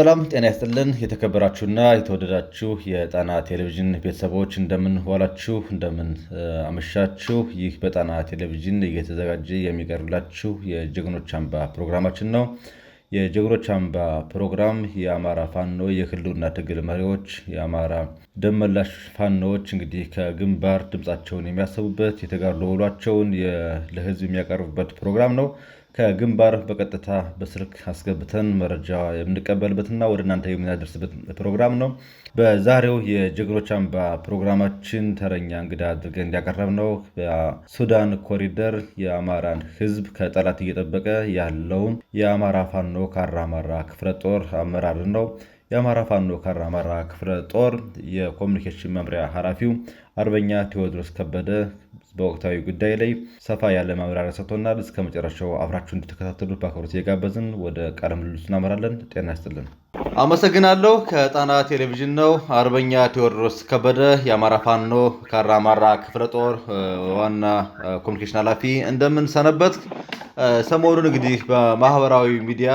ሰላም ጤና ይስጥልን። የተከበራችሁና የተወደዳችሁ የጣና ቴሌቪዥን ቤተሰቦች እንደምን ዋላችሁ፣ እንደምን አመሻችሁ። ይህ በጣና ቴሌቪዥን እየተዘጋጀ የሚቀርብላችሁ የጀግኖች አምባ ፕሮግራማችን ነው። የጀግኖች አምባ ፕሮግራም የአማራ ፋኖ የክልሉና ትግል መሪዎች የአማራ ደመላሽ ፋኖዎች እንግዲህ ከግንባር ድምፃቸውን የሚያሰቡበት የተጋድሎ ውሏቸውን ለህዝብ የሚያቀርቡበት ፕሮግራም ነው። ከግንባር በቀጥታ በስልክ አስገብተን መረጃ የምንቀበልበትና ወደ እናንተ የምናደርስበት ፕሮግራም ነው። በዛሬው የጀግኖች አምባ ፕሮግራማችን ተረኛ እንግዳ አድርገን እንዲያቀረብ ነው። በሱዳን ኮሪደር የአማራን ህዝብ ከጠላት እየጠበቀ ያለውን የአማራ ፋኖ ካራማራ አማራ ክፍለ ጦር አመራርን ነው የአማራ ፋኖ ካራ አማራ ክፍለ ጦር የኮሚኒኬሽን መምሪያ ኃላፊው አርበኛ ቴዎድሮስ ከበደ በወቅታዊ ጉዳይ ላይ ሰፋ ያለ ማብራሪያ ሰጥቶናል። እስከ መጨረሻው አብራችሁ እንድትከታተሉ በአክብሮት እየጋበዝን ወደ ቃለ ምልልሱ እናመራለን። ጤና ይስጥልን። አመሰግናለሁ። ከጣና ቴሌቪዥን ነው። አርበኛ ቴዎድሮስ ከበደ የአማራ ፋኖ ካራ አማራ ክፍለ ጦር ዋና ኮሚኒኬሽን ኃላፊ፣ እንደምን ሰነበት? ሰሞኑን እንግዲህ በማህበራዊ ሚዲያ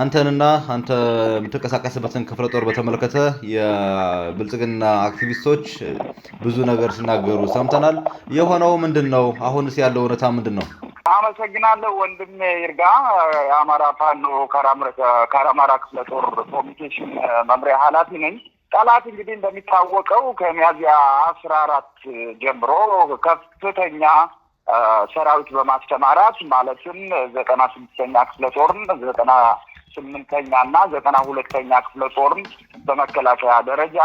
አንተንና አንተ የምትንቀሳቀስበትን ክፍለ ጦር በተመለከተ የብልጽግና አክቲቪስቶች ብዙ ነገር ሲናገሩ ሰምተናል። የሆነው ምንድን ነው? አሁንስ ያለው እውነታ ምንድን ነው? አመሰግናለሁ ወንድም ይርጋ። የአማራ ፋኖ ከአማራ ክፍለ ጦር ኮሚኒኬሽን መምሪያ ኃላፊ ነኝ። ጠላት እንግዲህ እንደሚታወቀው ከሚያዝያ አስራ አራት ጀምሮ ከፍተኛ ሰራዊት በማስተማራት ማለትም ዘጠና ስድስተኛ ክፍለ ጦርን ዘጠና ስምንተኛና ዘጠና ሁለተኛ ክፍለ ጦርም በመከላከያ ደረጃ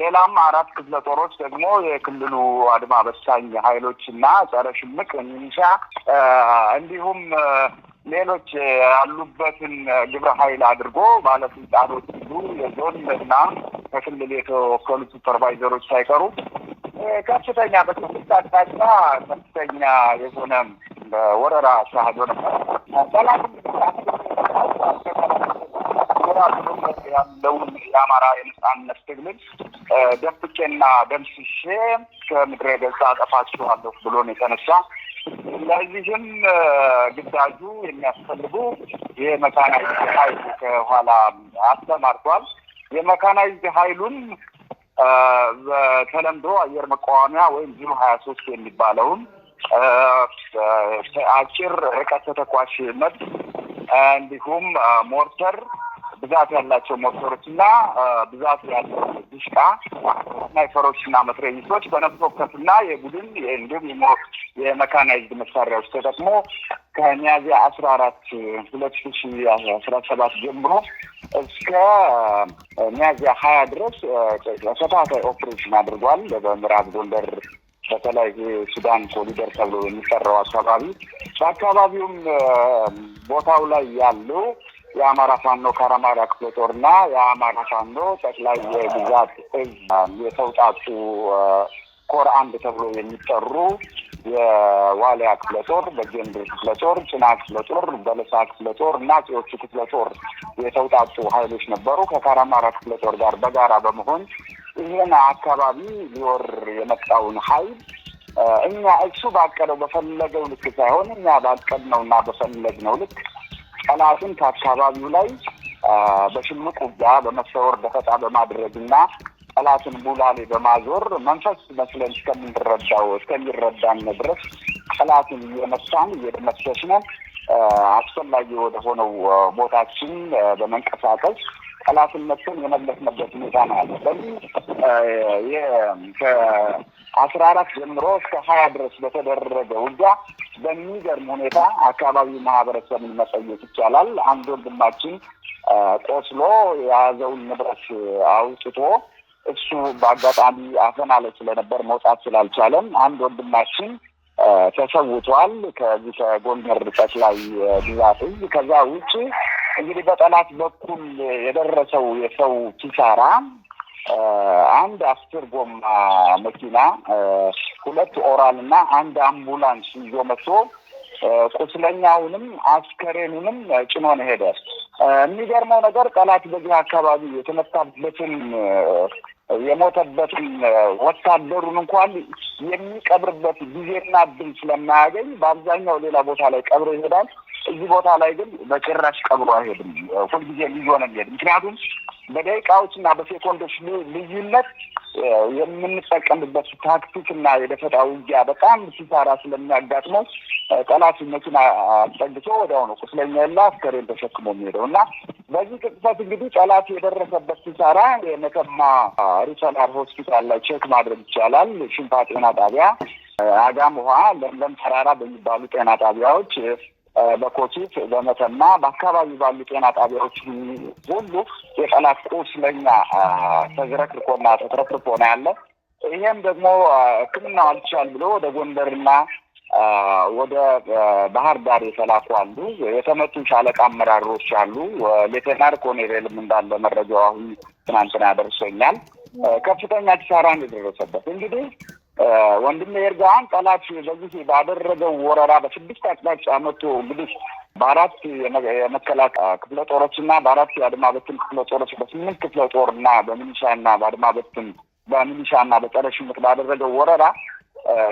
ሌላም አራት ክፍለ ጦሮች ደግሞ የክልሉ አድማ በሳኝ ኃይሎች እና ጸረ ሽምቅ ሚኒሻ እንዲሁም ሌሎች ያሉበትን ግብረ ኃይል አድርጎ ባለስልጣኖች ሁሉ የዞን እና ከክልል የተወከሉ ሱፐርቫይዘሮች ሳይቀሩ ከፍተኛ በትምህርት አቅጣጫ ከፍተኛ የሆነ ወረራ አካሂዶ ነበር። ሰላም ያለውን የአማራ የነጻነት ትግል ደፍቄና ደምስሼ ከምድረ ገጽ አጠፋችኋለሁ ብሎ ነው የተነሳ። ለዚህም ግዳጁ የሚያስፈልጉ የመካናይዝ ኃይል ከኋላ አስተማርቷል። የመካናይዝ ኃይሉን በተለምዶ አየር መቃወሚያ ወይም ዚሮ ሀያ ሶስት የሚባለውን አጭር ርቀት ተተኳሽ መድፍ እንዲሁም ሞርተር ብዛት ያላቸው ሞርተሮች እና ብዛት ያለው ድሽቃ ስናይፈሮች እና መትረየሶች በነፍስ ወከፍ እና የቡድን እንዲሁም የመካናይዝድ መሳሪያዎች ተጠቅሞ ከሚያዝያ አስራ አራት ሁለት ሺ አስራ ሰባት ጀምሮ እስከ ሚያዚያ ሀያ ድረስ ተከታታይ ኦፕሬሽን አድርጓል በምዕራብ ጎንደር በተለይ ሱዳን ኮሊደር ተብሎ የሚጠራው አካባቢ በአካባቢውም ቦታው ላይ ያሉ የአማራ ፋኖ ከአማራ ክፍለ ጦርና የአማራ ፋኖ ጠቅላይ የግዛት እዝ የተውጣጡ ኮር አንድ ተብሎ የሚጠሩ የዋሊያ ክፍለ ጦር፣ በጀንድር ክፍለ ጦር፣ ጭና ክፍለ ጦር፣ በለሳ ክፍለ ጦር እና ጽዎቹ ክፍለ ጦር የተውጣጡ ኃይሎች ነበሩ። ከካራማራ ክፍለ ጦር ጋር በጋራ በመሆን ይህን አካባቢ ሊወር የመጣውን ሀይል እኛ እሱ ባቀደው በፈለገው ልክ ሳይሆን እኛ ነው እና በፈለግ ነው ልክ ጠላትን ከአካባቢው ላይ በሽምቅ ውጊያ በመሰወር ደፈጣ በማድረግ እና ጠላትን ቡላሌ በማዞር መንፈስ መስለን እስከምንረዳው እስከሚረዳን ድረስ ጠላትን እየመሳን እየደመሰስን አስፈላጊ ወደ ሆነው ቦታችን በመንቀሳቀስ ኃላፊነትን የመለስንበት ሁኔታ ነው ያለ። ከአስራ አራት ጀምሮ እስከ ሀያ ድረስ በተደረገ ውጊያ በሚገርም ሁኔታ አካባቢው ማህበረሰብን መጠየቅ ይቻላል። አንድ ወንድማችን ቆስሎ የያዘውን ንብረት አውጥቶ እሱ በአጋጣሚ አፈና ላይ ስለነበር መውጣት ስላልቻለም አንድ ወንድማችን ተሰውቷል። ከዚህ ከጎንደር ጠቅላይ ግዛት ከዛ ውጭ እንግዲህ በጠላት በኩል የደረሰው የሰው ኪሳራ አንድ አስር ጎማ መኪና፣ ሁለት ኦራል እና አንድ አምቡላንስ ይዞ መጥቶ ቁስለኛውንም አስከሬኑንም ጭኖ ነው ሄደ። የሚገርመው ነገር ጠላት በዚህ አካባቢ የተመታበትን የሞተበትን ወታደሩን እንኳን የሚቀብርበት ጊዜና ድል ስለማያገኝ በአብዛኛው ሌላ ቦታ ላይ ቀብሮ ይሄዳል። እዚህ ቦታ ላይ ግን በጭራሽ ቀብሮ አይሄድም። ሁልጊዜ ልዩ ነው የሚሄድ ምክንያቱም በደቂቃዎች እና በሴኮንዶች ልዩነት የምንጠቀምበት ታክቲክ እና የደፈጣ ውጊያ በጣም ሲሳራ ስለሚያጋጥመው ጠላት መኪና አስጠግቶ ወዲያው ነው ቁስለኛ ላ አስከሬን ተሸክሞ የሚሄደው እና በዚህ ቅጽበት እንግዲህ ጠላት የደረሰበት ሲሳራ የመተማ ሪሰናር ሆስፒታል ላይ ቼክ ማድረግ ይቻላል። ሽንፋ ጤና ጣቢያ፣ አጋም ውሃ፣ ለምለም ተራራ በሚባሉ ጤና ጣቢያዎች በኮቲት በመተማ በአካባቢ ባሉ ጤና ጣቢያዎች ሁሉ የጠላት ቁስለኛ ተዝረክርኮና ተትረክርኮ ነው ያለ። ይሄም ደግሞ ሕክምናው አልቻል ብሎ ወደ ጎንደርና ወደ ባህር ዳር የተላኩ አሉ። የተመቱ ሻለቃ አመራሮች አሉ። ሌተናር ኮሎኔልም እንዳለ መረጃው አሁን ትናንትና ደርሶኛል። ከፍተኛ ኪሳራ የደረሰበት እንግዲህ ወንድም ኤርጋዋን ጠላት በዚህ ባደረገው ወረራ በስድስት አቅጣጫ መቶ እንግዲህ በአራት የመከላከ ክፍለ ጦሮች ና በአራት የአድማ በትን ክፍለ ጦሮች በስምንት ክፍለ ጦር ና በሚኒሻ ና በአድማ በትን በሚኒሻ ና በጸረ ሽምቅ ባደረገው ወረራ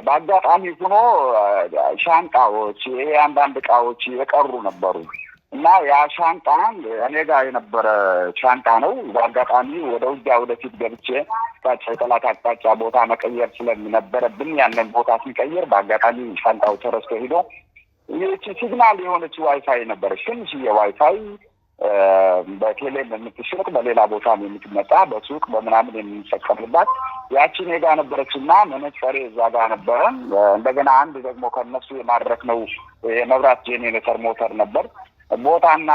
በአጋጣሚ ሆኖ ሻንጣዎች፣ ይሄ አንዳንድ እቃዎች የቀሩ ነበሩ። እና ያ ሻንጣ እኔ ጋር የነበረ ሻንጣ ነው። በአጋጣሚ ወደ ውጊያ ወደፊት ገብቼ አቅጣጫ የጠላት አቅጣጫ ቦታ መቀየር ስለሚነበረብን ያንን ቦታ ሲቀየር በአጋጣሚ ሻንጣው ተረስቶ ሂዶ ይህቺ ሲግናል የሆነች ዋይፋይ ነበረች። ትንሽዬ ዋይፋይ በቴሌም የምትሸጥ በሌላ ቦታ የምትመጣ በሱቅ በምናምን የምንጠቀምባት ያቺን ጋ ነበረች እና መነጸሬ እዛ ጋ ነበረ። እንደገና አንድ ደግሞ ከነሱ የማድረክ ነው የመብራት ጄኔሬተር ሞተር ነበር ቦታና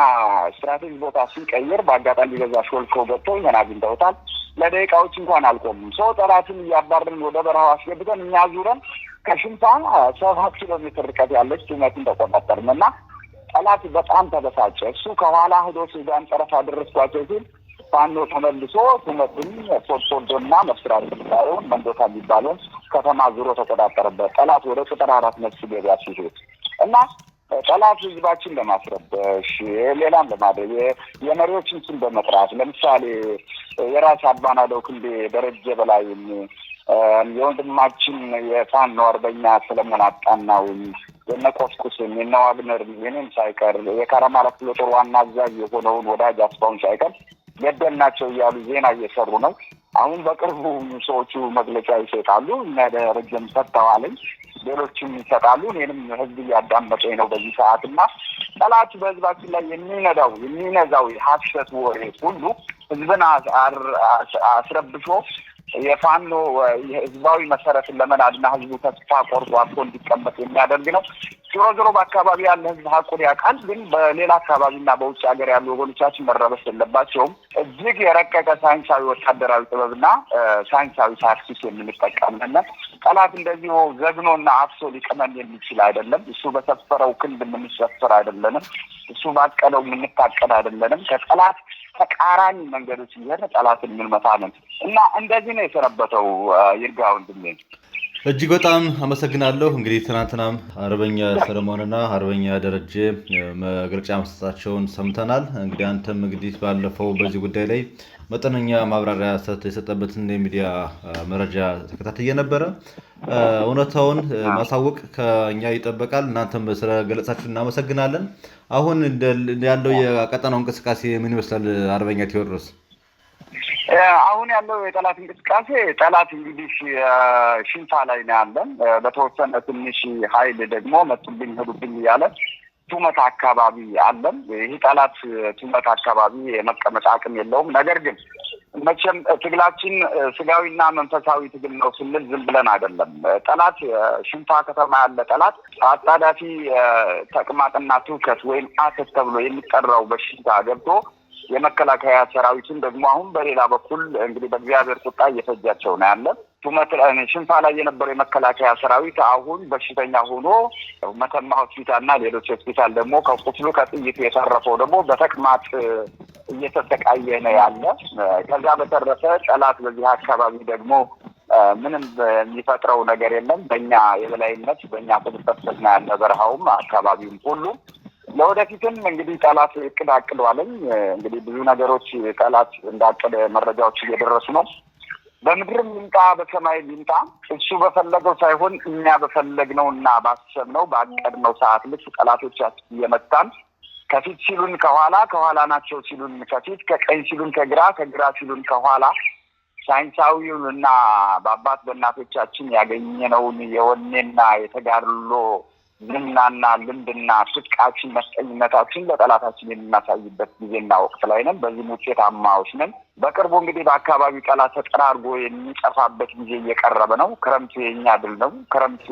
ስትራቴጂ ቦታ ሲቀይር በአጋጣሚ ገዛ ሾልኮ ገብቶ ይሄን አግኝተውታል። ለደቂቃዎች እንኳን አልቆሙም። ሰው ጠላትን እያባረን ወደ በረሃው አስገብተን እኛ ዙረን ከሽንፋ ሰባት ኪሎ ሜትር ርቀት ያለች ቱመትን ተቆጣጠርን እና ጠላት በጣም ተበሳጨ። እሱ ከኋላ ህዶ ሱዳን ጠረፍ አደረስኳቸው ሲል ፋኖ ተመልሶ ቱመትን ሶሶዶና መስራት የሚባለውን መንዶታ የሚባለውን ከተማ ዙሮ ተቆጣጠረበት። ጠላት ወደ ቁጥር አራት ነፍስ ገቢያ ሲሄድ እና ጠላት ህዝባችን ለማስረበሽ ሌላም ለማድረግ የመሪዎችን ስም በመጥራት ለምሳሌ የራስ አባናደው ክንዴ ደረጀ በላይም የወንድማችን የፋኖ አርበኛ ሰለሞን አጣናውን የነቆስቁስን የነዋግነር የኔም ሳይቀር የካራማራ ክፍለ ጦር ዋና አዛዥ የሆነውን ወዳጅ አስፋውን ሳይቀር ገደል ናቸው እያሉ ዜና እየሰሩ ነው። አሁን በቅርቡ ሰዎቹ መግለጫ ይሰጣሉ። እነ ደረጀም ሰጥተዋለኝ ሌሎችም ይሰጣሉ። እኔንም ህዝብ እያዳመጠኝ ነው በዚህ ሰዓት እና ጠላት በህዝባችን ላይ የሚነዳው የሚነዛው የሀሰት ወሬ ሁሉ ህዝብን አስረብሾ የፋኖ ህዝባዊ መሰረትን ለመናድና ህዝቡ ተስፋ ቆርጦ አቶ እንዲቀመጥ የሚያደርግ ነው። ዞሮ ዞሮ በአካባቢ ያለ ህዝብ ሀቁን ያውቃል። ግን በሌላ አካባቢና በውጭ ሀገር ያሉ ወገኖቻችን መረበስ የለባቸውም። እጅግ የረቀቀ ሳይንሳዊ ወታደራዊ ጥበብና ሳይንሳዊ ታክቲክ የምንጠቀምነት ጠላት እንደዚሁ ዘግኖና አፍሶ ሊቀመን የሚችል አይደለም። እሱ በሰፈረው ክንድ የምንሸፍር አይደለንም። እሱ ባቀለው የምንታቀል አይደለንም። ከጠላት ተቃራኒ መንገዶች እየሄድን ጠላትን የምንመታ ነን እና እንደዚህ ነው የሰነበተው ይርጋ ወንድሜ። እጅግ በጣም አመሰግናለሁ። እንግዲህ ትናንትናም አርበኛ ሰለሞንና አርበኛ ደረጀ መግለጫ መስጠታቸውን ሰምተናል። እንግዲህ አንተም እንግዲህ ባለፈው በዚህ ጉዳይ ላይ መጠነኛ ማብራሪያ የሰጠበትን የሚዲያ መረጃ ተከታትዬ ነበረ። እውነታውን ማሳወቅ ከኛ ይጠበቃል። እናንተም ስለገለጻችሁ እናመሰግናለን። አሁን ያለው የቀጠናው እንቅስቃሴ ምን ይመስላል? አርበኛ ቴዎድሮስ አሁን ያለው የጠላት እንቅስቃሴ ጠላት እንግዲህ ሽንፋ ላይ ነው ያለን። በተወሰነ ትንሽ ኃይል ደግሞ መጡብኝ ሄዱብኝ እያለ ቱመት አካባቢ አለን። ይህ ጠላት ቱመት አካባቢ የመቀመጥ አቅም የለውም። ነገር ግን መቼም ትግላችን ስጋዊና መንፈሳዊ ትግል ነው ስንል ዝም ብለን አይደለም። ጠላት ሽንፋ ከተማ ያለ ጠላት አጣዳፊ ተቅማጥና ትውከት ወይም አተት ተብሎ የሚጠራው በሽታ ገብቶ የመከላከያ ሰራዊትን ደግሞ አሁን በሌላ በኩል እንግዲህ በእግዚአብሔር ቁጣ እየፈጃቸው ነው ያለ። ቱመት ሽንፋ ላይ የነበረው የመከላከያ ሰራዊት አሁን በሽተኛ ሆኖ መተማ ሆስፒታልና ሌሎች ሆስፒታል ደግሞ ከቁስሉ ከጥይቱ የተረፈው ደግሞ በተቅማጥ እየተሰቃየ ነው ያለ። ከዛ በተረፈ ጠላት በዚህ አካባቢ ደግሞ ምንም የሚፈጥረው ነገር የለም። በእኛ የበላይነት በእኛ ቁጥጥር ስር ነው ያለ፣ በረሃውም አካባቢውም ሁሉ ለወደፊትም እንግዲህ ጠላት እቅድ አቅዷልኝ እንግዲህ ብዙ ነገሮች ጠላት እንዳቀደ መረጃዎች እየደረሱ ነው። በምድርም ይምጣ በሰማይ ይምጣ እሱ በፈለገው ሳይሆን እኛ በፈለግነው እና ባሰብነው ባቀድነው ሰዓት ልክ ጠላቶች እየመጣን ከፊት ሲሉን ከኋላ ከኋላ ናቸው ሲሉን ከፊት ከቀኝ ሲሉን ከግራ ከግራ ሲሉን ከኋላ ሳይንሳዊውን እና በአባት በእናቶቻችን ያገኘነውን የወኔና የተጋድሎ ዝናና ልምድና ስቃችን መስቀኝነታችን ለጠላታችን የምናሳይበት ጊዜና ወቅት ላይ ነን። በዚህም ውጤታማዎች ነን። በቅርቡ እንግዲህ በአካባቢው ጠላት ተጠራርጎ የሚጠፋበት ጊዜ እየቀረበ ነው። ክረምቱ የኛ ድል ነው። ክረምቱ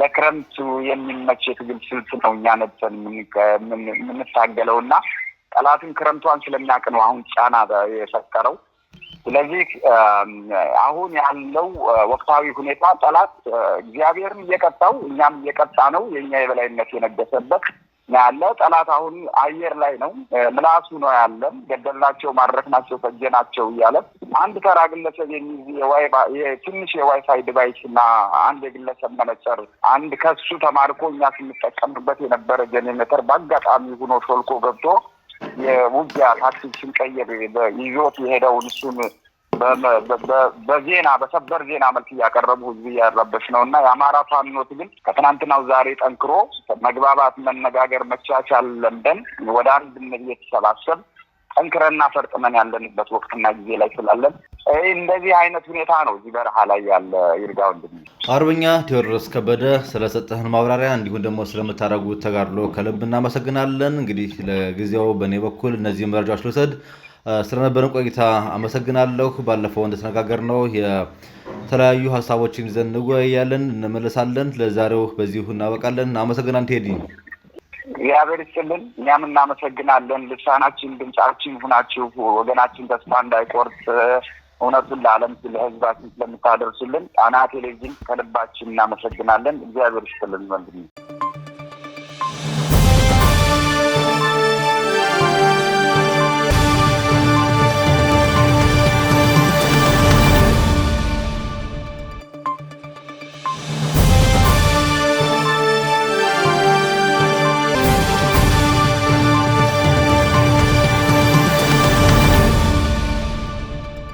ለክረምቱ የሚመች የትግል ስልት ነው እኛ ነብሰን የምንታገለው እና ጠላትን ክረምቷን ስለሚያውቅ ነው አሁን ጫና የፈጠረው። ስለዚህ አሁን ያለው ወቅታዊ ሁኔታ ጠላት እግዚአብሔርን እየቀጣው እኛም እየቀጣ ነው። የእኛ የበላይነት የነገሰበት ያለ ጠላት አሁን አየር ላይ ነው። ምላሱ ነው ያለን ገደልናቸው፣ ማድረክናቸው፣ ፈጀናቸው እያለ አንድ ተራ ግለሰብ የሚይዝ ትንሽ የዋይፋይ ዲቫይስ እና አንድ የግለሰብ መነጽር፣ አንድ ከሱ ተማርኮ እኛ ስንጠቀምበት የነበረ ጀኔሬተር በአጋጣሚ ሆኖ ሾልኮ ገብቶ የውጊያ ታክቲክ ሲቀይር ይዞት የሄደውን እሱን በዜና በሰበር ዜና መልክ እያቀረቡ ህዝብ እያረበች ነው እና የአማራ ፋኖት ግን ከትናንትናው ዛሬ ጠንክሮ መግባባት፣ መነጋገር፣ መቻቻል ለምደን ወደ አንድነት እየተሰባሰብ ጠንክረና ፈርጥመን ያለንበት ወቅትና ጊዜ ላይ ስላለን እንደዚህ አይነት ሁኔታ ነው እዚህ በረሃ ላይ ያለ ይርጋ ወንድም። አርበኛ ቴዎድሮስ ከበደ ስለሰጠህን ማብራሪያ እንዲሁም ደግሞ ስለምታደርጉት ተጋድሎ ከልብ እናመሰግናለን። እንግዲህ ለጊዜው በእኔ በኩል እነዚህ መረጃዎች ልውሰድ። ስለነበረን ቆይታ አመሰግናለሁ። ባለፈው ነው የተለያዩ ሀሳቦችን ይዘን እንወያያለን፣ እንመለሳለን። ለዛሬው በዚሁ እናበቃለን። አመሰግናን ቴዲ እግዚአብሔር ይስጥልን። እኛም እናመሰግናለን። ልሳናችን፣ ድምጻችን ሁናችሁ ወገናችን ተስፋ እንዳይቆርጥ እውነቱን ለዓለም ስለ ህዝባችን ስለምታደርሱልን ጣና ቴሌቪዥን ከልባችን እናመሰግናለን። እግዚአብሔር ይስጥልን ወንድሜ።